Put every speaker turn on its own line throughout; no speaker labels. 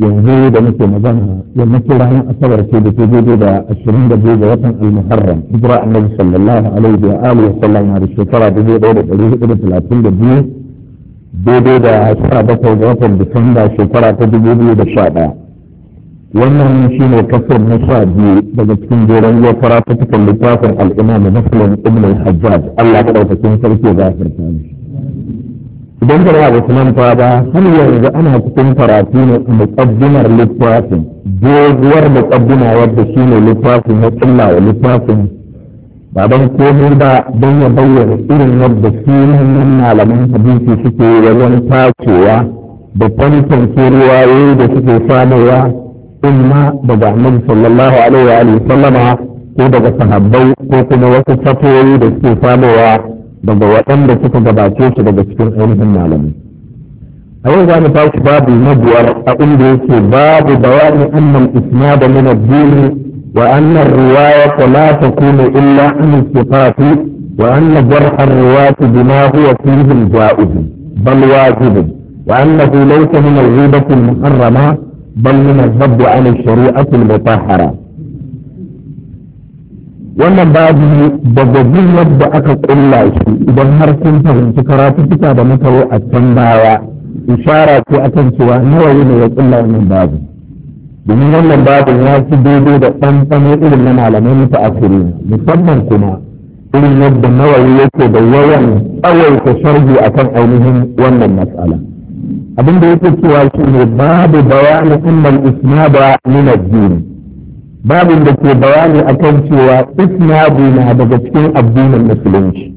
yanzu da muke magana yan yammacin ranar asabar ce da ke daidai da ashirin da biyu ga watan al almuharram hijira annabi sallallahu alaihi wa alihi sallam na da shekara dubu ɗaya da ɗari hudu da talatin da biyu daidai da shekara bakwai ga watan disamba shekara ta dubu biyu da sha ɗaya wannan shi ne kasar na sha biyu daga cikin jeren ya fara ta tukar littafin al'imamu muslim ibn al-hajjaj allah ka ɗaukakin sarki ya gafarta mishi idan ba ba nan fa ba har yanzu ana cikin karatu ne muqaddimar littafin doguwar muqaddima wadda shine littafin ya kulla wa littafin ba don komai ba don ya bayyana irin yadda sunan malaman hadisi suke wajen tacewa da tantance ruwaye da suke samarwa imma daga annabi sallallahu alaihi wa sallama ko daga sahabbai ko kuma wasu fatoyi da suke samarwa daga waɗanda suka gabace shi daga cikin ainihin malamai a yau za mu tashi babu na biyar a inda yake babu bayani annan isnada min ad-din wa anna ar-riwayata la takunu illa an al-sifat wa anna jarh ar-riwayat bima huwa fihi al-ja'ib bal wajib wa annahu laysa min al-ghibati al-muharrama bal min al-hadd 'ala al-shari'ati al-mutahhara wannan babu dabbabin yadda aka kulla shi idan har kun fahimci karatuka da muka yi a can baya ishara ko akan cewa nawa ne ya kulla wannan babu domin wannan babu ya fi daidai da ɗanɗano irin na malamai mutu a musamman kuma irin yadda nawayi yake da yawan tsawaita sharhi akan ainihin wannan matsala abin da yake cewa shi ne babu bayanin annal isnada min ad-din babin da ke bayani kan cewa isnadu na daga cikin addinin musulunci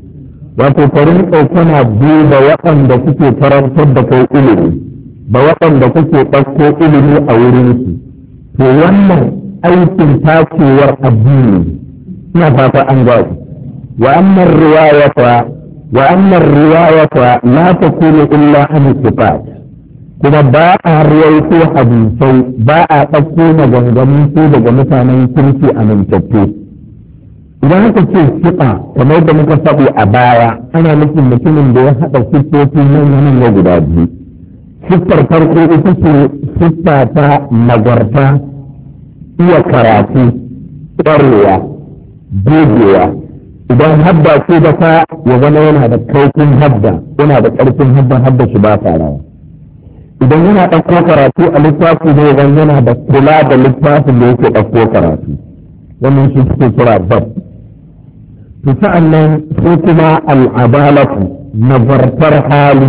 wato farin ɗaukana duba waɗanda kuke karantar da kai ilimi ba waɗanda kuke ɗauko ilimi a wurinsu to wannan aikin takowar addini ina fata an gwaji wa annan riwayata wa annan riwayata la takunu illa an sifat kuma ba a a hadisai ba a ɗauko maganganun su daga mutanen kirki amintattu idan aka ce siƙa kamar da muka saɓo a baya ana nufin mutumin da ya haɗa siffofi manyan ya guda biyu siffar farko ita ce siffa ta nagarta iya karatu ƙwarewa gogewa idan habba ce da ya zama yana da kaifin habba yana da ƙarfin habba habba shi ba farawa idan yana ɗauko karatu a littafi ne idan yana da kula da littafin da yake ɗauko karatu wannan shi suke kira bab to nan ko kuma al'adalatu Nabartar hali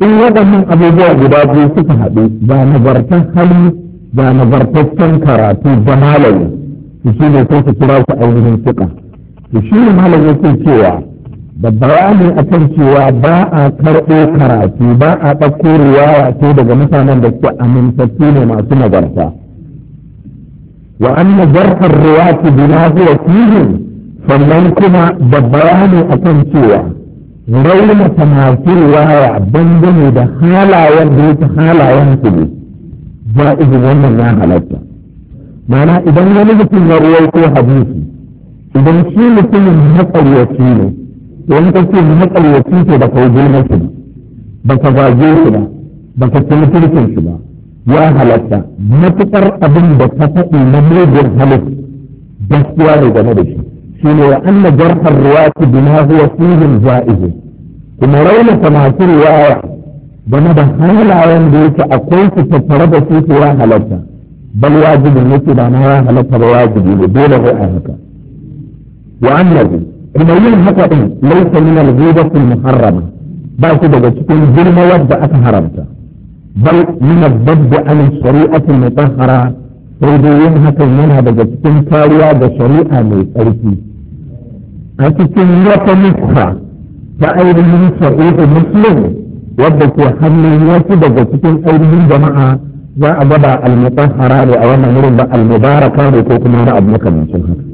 in waɗannan abubuwa guda biyu suka haɗu ba nazartar hali ba nazartaccen karatu ba malami to shi ne sai su kira su ainihin fiƙa to shi ne malami yake cewa da bayani a kan cewa ba a karɓo karatu ba a ɗauko ruwaya ce daga mutanen da ke amintattu ne masu nagarta wa anna zarfar ruwati bima huwa fihi sannan kuma da bayani a kan cewa raunata masu ruwaya dangane da halayen da yake halayen su ne ba izin wannan ya halatta ma'ana idan wani mutum ya ruwaiko hadisi idan shi mutumin matsarwaci ne domin ka ce maƙaryaci ce ba ka yi girma shi ba ka zage shi ba ba ka ci mutuncin shi ba ya halatta matuƙar abin da ka faɗi na mugun halis gaskiya ne game da shi shi ne wa anna jarhar ruwati bima huwa fihim za'izun kuma raunata masu riwaya game da halayen da yake akwai su tattare da su su ya halatta bal wajibin yake ba na ya halatta ba wajibi ne dole ne a haka wa annabi kuma yin haka ɗin laisa min al-ghibati muharrama ba su daga cikin girma wadda aka haramta bal min al-dabbi an shari'ati mutahhara sai dai yin hakan yana daga cikin kariya da shari'a mai tsarki a cikin wata nufa ta ainihin shari'a muslim wadda ke hannun wasu daga cikin ainihin jama'a za a gaba al-mutahhara ne a wannan wurin ba al-mubaraka ne ko kuma wani abu makamancin haka